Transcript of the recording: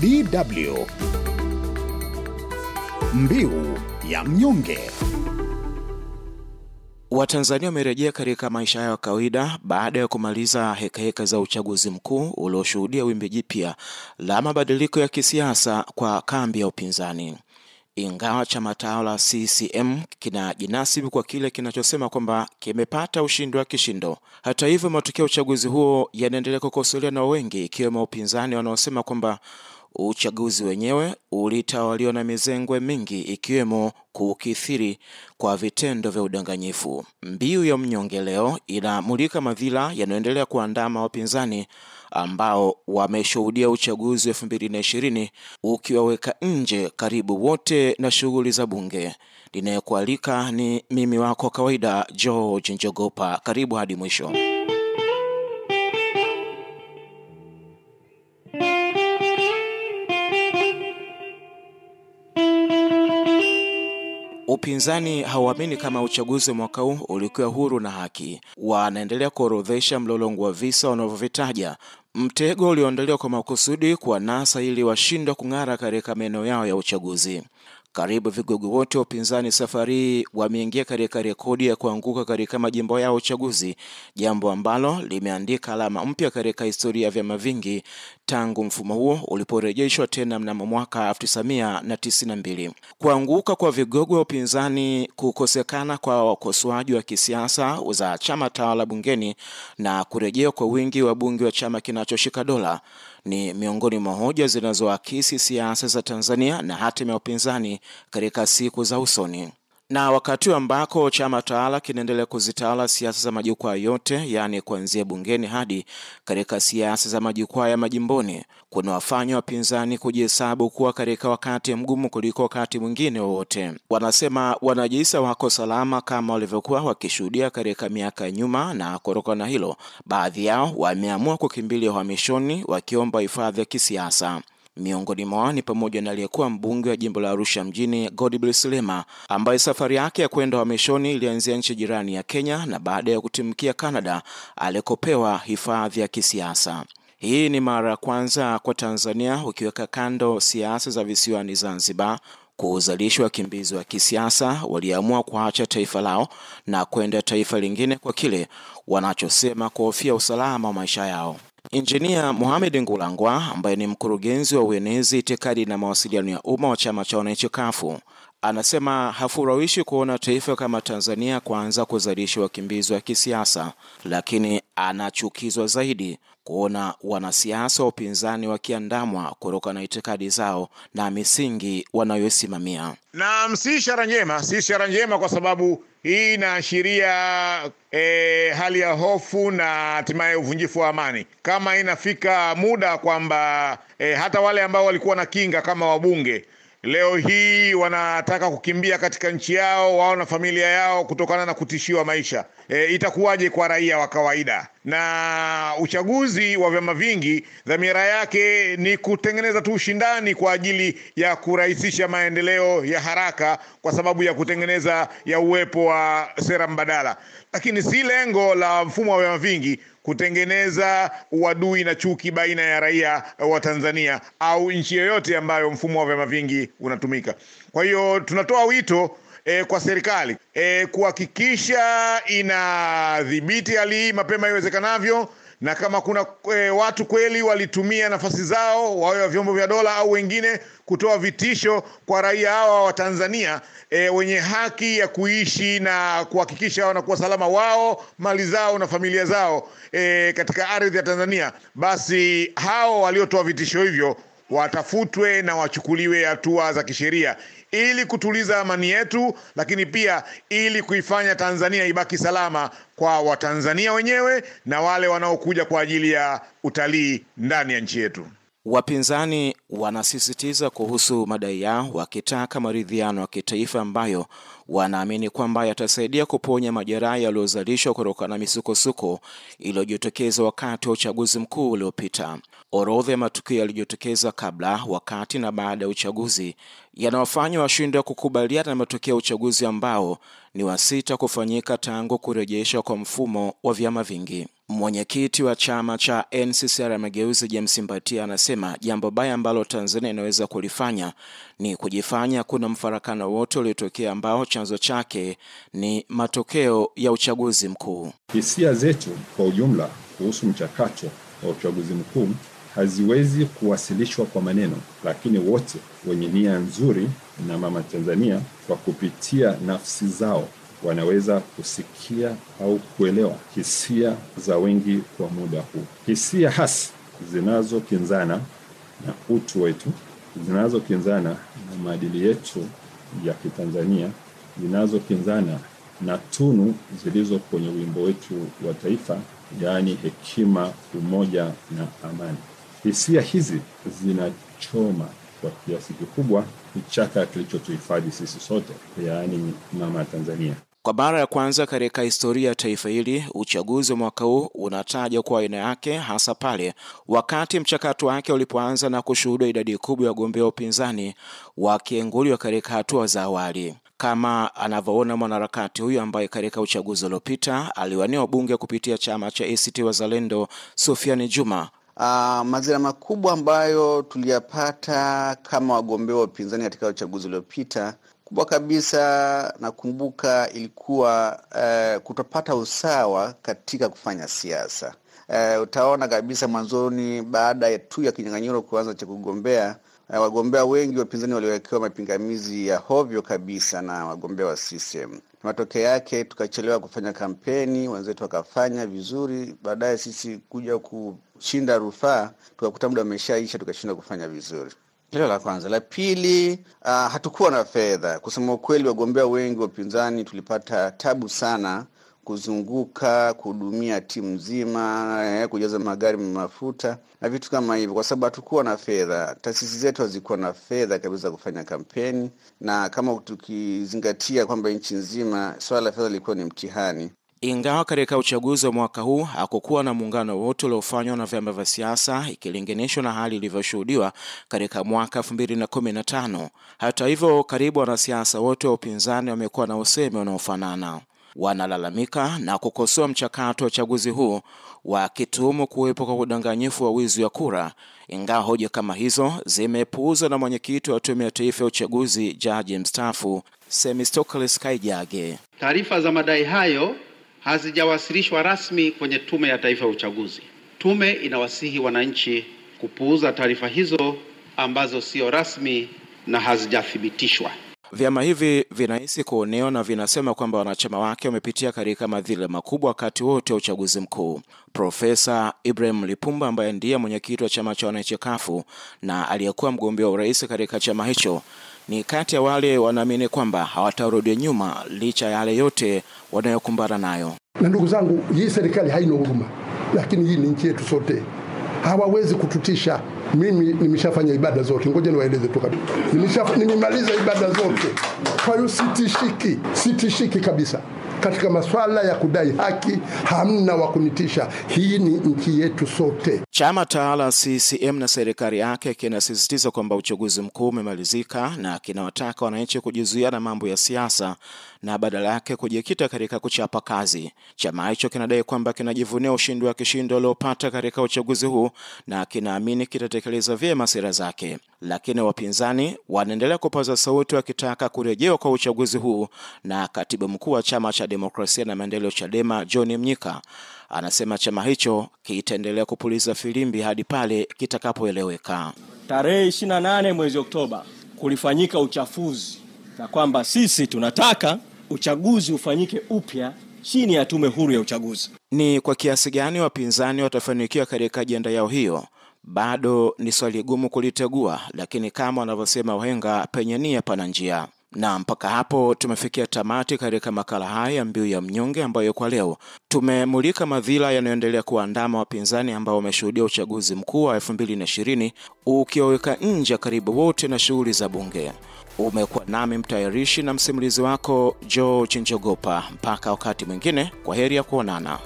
DW Mbiu ya mnyonge. Watanzania wamerejea katika maisha yao ya kawaida baada ya kumaliza hekaheka za uchaguzi mkuu ulioshuhudia wimbi jipya la mabadiliko ya kisiasa kwa kambi ya upinzani. Ingawa chama tawala CCM kina jinasibu kwa kile kinachosema kwamba kimepata ushindi wa kishindo. Hata hivyo, matokeo ya uchaguzi huo yanaendelea kukosolewa na wengi, ikiwemo upinzani wanaosema kwamba Uchaguzi wenyewe ulitawaliwa na mizengwe mingi ikiwemo kukithiri kwa vitendo vya udanganyifu. Mbiu ya mnyonge leo inamulika madhila yanayoendelea kuandama wapinzani ambao wameshuhudia uchaguzi wa ishirini ukiwaweka nje karibu wote na shughuli za bunge. Linayekualika ni mimi wako kawaida George Njogopa. Karibu hadi mwisho. Wapinzani hauamini kama uchaguzi mwaka huu ulikuwa huru na haki. Wanaendelea kuorodhesha mlolongo wa visa wanavyovitaja mtego ulioondolewa kwa makusudi kwa nasa ili washindwa kung'ara katika maeneo yao ya uchaguzi. Karibu vigogo wote wa upinzani safari wameingia katika rekodi ya kuanguka katika majimbo yao uchaguzi, jambo ambalo limeandika alama mpya katika historia ya vyama vingi tangu mfumo huo uliporejeshwa tena mnamo mwaka 1992. Kuanguka kwa vigogo wa upinzani, kukosekana kwa wakosoaji wa kisiasa za chama tawala bungeni na kurejea kwa wingi wa bunge wa chama kinachoshika dola ni miongoni mwa hoja zinazoakisi siasa za Tanzania na hatima ya upinzani katika siku za usoni. Na wakati ambako chama tawala kinaendelea kuzitawala siasa za majukwaa yote, yaani kuanzia bungeni hadi katika siasa za majukwaa ya majimboni, kuna wafanya wapinzani kujihesabu kuwa katika wakati mgumu kuliko wakati mwingine wowote. Wanasema wanajihisi wako salama kama walivyokuwa wakishuhudia katika miaka ya nyuma, na kutokana na hilo, baadhi yao wameamua kukimbilia uhamishoni wakiomba hifadhi ya kisiasa. Miongoni mwao ni pamoja na aliyekuwa mbunge wa jimbo la Arusha mjini Godbless Lema ambaye safari yake ya kwenda uhamishoni ilianzia nchi jirani ya Kenya na baada ya kutimkia Canada alikopewa hifadhi ya kisiasa. Hii ni mara ya kwanza kwa Tanzania ukiweka kando siasa za visiwani Zanzibar kuzalishwa wakimbizi wa kisiasa waliamua kuacha taifa lao na kwenda taifa lingine kwa kile wanachosema kuhofia usalama wa maisha yao. Injinia Mohamed Ngulangwa ambaye ni mkurugenzi wa uenezi, itikadi na mawasiliano ya umma wa chama cha wananchi kafu Anasema hafurahishi kuona taifa kama Tanzania kuanza kuzalisha wakimbizi wa kisiasa, lakini anachukizwa zaidi kuona wanasiasa wa upinzani wakiandamwa kutoka na itikadi zao na misingi wanayosimamia. nam si ishara njema, si ishara njema kwa sababu hii inaashiria e, hali ya hofu na hatimaye uvunjifu wa amani, kama inafika muda kwamba e, hata wale ambao walikuwa na kinga kama wabunge leo hii wanataka kukimbia katika nchi yao wao na familia yao kutokana na kutishiwa maisha. E, itakuwaje kwa raia wa kawaida? na uchaguzi wa vyama vingi, dhamira yake ni kutengeneza tu ushindani kwa ajili ya kurahisisha maendeleo ya haraka kwa sababu ya kutengeneza ya uwepo wa sera mbadala, lakini si lengo la mfumo wa vyama vingi kutengeneza uadui na chuki baina ya raia wa Tanzania au nchi yoyote ambayo mfumo wa vyama vingi unatumika. Kwa hiyo tunatoa wito e, kwa serikali e, kuhakikisha inadhibiti hali hii mapema iwezekanavyo, na kama kuna e, watu kweli walitumia nafasi zao, wawe wa vyombo vya dola au wengine, kutoa vitisho kwa raia hawa wa Tanzania e, wenye haki ya kuishi na kuhakikisha wanakuwa salama wao, mali zao na familia zao e, katika ardhi ya Tanzania, basi hao waliotoa vitisho hivyo watafutwe na wachukuliwe hatua za kisheria ili kutuliza amani yetu, lakini pia ili kuifanya Tanzania ibaki salama kwa Watanzania wenyewe na wale wanaokuja kwa ajili ya utalii ndani ya nchi yetu. Wapinzani wanasisitiza kuhusu madai yao wakitaka maridhiano ya kitaifa ambayo wanaamini kwamba yatasaidia kuponya majeraha yaliyozalishwa kutokana na misukosuko iliyojitokeza wakati wa uchaguzi mkuu uliopita. Orodha ya matukio yaliyotokeza kabla, wakati na baada ya uchaguzi yanawafanya washindwa kukubaliana na matokeo ya uchaguzi ambao ni wa sita kufanyika tangu kurejeshwa kwa mfumo wa vyama vingi. Mwenyekiti wa chama cha NCCR Mageuzi, James Mbatia, anasema jambo baya ambalo Tanzania inaweza kulifanya ni kujifanya kuna mfarakano wote uliotokea ambao chanzo chake ni matokeo ya uchaguzi mkuu. Hisia zetu kwa ujumla kuhusu mchakato wa uchaguzi mkuu haziwezi kuwasilishwa kwa maneno, lakini wote wenye nia nzuri na Mama Tanzania kwa kupitia nafsi zao wanaweza kusikia au kuelewa hisia za wengi kwa muda huu, hisia hasi zinazokinzana na utu wetu, zinazokinzana na maadili yetu ya Kitanzania, zinazokinzana na tunu zilizo kwenye wimbo wetu wa taifa, yaani hekima, umoja na amani. Hisia hizi zinachoma kwa kiasi kikubwa kichaka kilichotuhifadhi sisi sote, yaani mama Tanzania. Kwa mara ya kwanza katika historia ya taifa hili, uchaguzi wa mwaka huu unataja kwa aina yake, hasa pale wakati mchakato wake ulipoanza na kushuhudia idadi kubwa ya wagombea wa upinzani wakienguliwa katika hatua za awali kama anavyoona mwanaharakati huyu ambaye katika uchaguzi uliopita aliwania ubunge kupitia chama cha ACT Wazalendo, Sufiani Juma Uh, madhira makubwa ambayo tuliyapata kama wagombea wa upinzani katika uchaguzi uliopita, kubwa kabisa nakumbuka ilikuwa uh, kutopata usawa katika kufanya siasa. Uh, utaona kabisa mwanzoni, baada tu ya kinyang'anyiro kuanza cha kugombea Eh, wagombea wengi wapinzani waliowekewa mapingamizi ya hovyo kabisa na wagombea wa CCM. Matokeo yake tukachelewa kufanya kampeni, wenzetu wakafanya vizuri. Baadaye sisi kuja kushinda rufaa, tukakuta muda umeshaisha, tukashindwa kufanya vizuri. Hilo la kwanza. La pili, uh, hatukuwa na fedha. Kusema ukweli, wagombea wengi upinzani tulipata tabu sana kuzunguka, kuhudumia timu nzima eh, kujaza magari mafuta na vitu kama hivyo, kwa sababu hatukuwa na fedha. Taasisi zetu hazikuwa na fedha kabisa kufanya kampeni, na kama tukizingatia kwamba nchi nzima swala la fedha lilikuwa ni mtihani ingawa katika uchaguzi wa mwaka huu hakukuwa na muungano wote uliofanywa na vyama vya siasa ikilinganishwa na hali ilivyoshuhudiwa katika mwaka na na kumi tano Hata hivyo, karibu wanasiasa wote wa upinzani wamekuwa na usemi unaofanana wanalalamika na kukosoa mchakato wa uchaguzi huu, wakituhumu kuwepo kwa udanganyifu wa wizi wa kura, ingawa hoja kama hizo zimepuuzwa na mwenyekiti wa Tume ya Taifa ya Uchaguzi, jaji mstaafu Semistocles Kaijage. Taarifa za madai hayo hazijawasilishwa rasmi kwenye Tume ya Taifa ya Uchaguzi. Tume inawasihi wananchi kupuuza taarifa hizo ambazo sio rasmi na hazijathibitishwa. Vyama hivi vinahisi kuonewa na vinasema kwamba wanachama wake wamepitia katika madhila makubwa wakati wote wa uchaguzi mkuu. Profesa Ibrahim Lipumba ambaye ndiye mwenyekiti wa chama cha wananchi kafu na aliyekuwa mgombea wa urais katika chama hicho ni kati ya wale wanaamini kwamba hawatarudi nyuma licha ya yale yote wanayokumbana nayo. Na ndugu zangu, hii serikali haina huruma, lakini hii ni nchi yetu sote hawawezi kututisha. Mimi nimeshafanya ibada zote, ngoja niwaeleze tu kabisa, nimesha nimemaliza ibada zote. Kwa hiyo sitishiki, sitishiki kabisa katika maswala ya kudai haki, hamna wa kunitisha. Hii ni nchi yetu sote. Chama tawala CCM na serikali yake kinasisitiza kwamba uchaguzi mkuu umemalizika na kinawataka wananchi kujizuia na mambo ya siasa na badala yake kujikita katika kuchapa kazi. Chama hicho kinadai kwamba kinajivunia ushindi wa kishindo uliopata katika uchaguzi huu na kinaamini kitatekeleza vyema sera zake, lakini wapinzani wanaendelea kupaza sauti wakitaka kurejewa kwa uchaguzi huu, na katibu mkuu wa chama cha demokrasia na maendeleo CHADEMA John Mnyika anasema chama hicho kitaendelea kupuliza filimbi hadi pale kitakapoeleweka. Tarehe 28 mwezi Oktoba kulifanyika uchafuzi, na kwamba sisi tunataka uchaguzi ufanyike upya chini ya tume huru ya uchaguzi. Ni kwa kiasi gani wapinzani watafanikiwa katika ajenda yao hiyo bado ni swali gumu kulitegua, lakini kama wanavyosema wahenga, penye nia pana njia. Na mpaka hapo tumefikia tamati katika makala haya ya Mbiu ya Mnyonge, ambayo kwa leo tumemulika madhila yanayoendelea kuwaandama wapinzani ambao wameshuhudia uchaguzi mkuu wa 2020 ukiwaweka nje karibu wote na shughuli za bunge. Umekuwa nami mtayarishi na msimulizi wako George Njogopa. Mpaka wakati mwingine, kwa heri ya kuonana.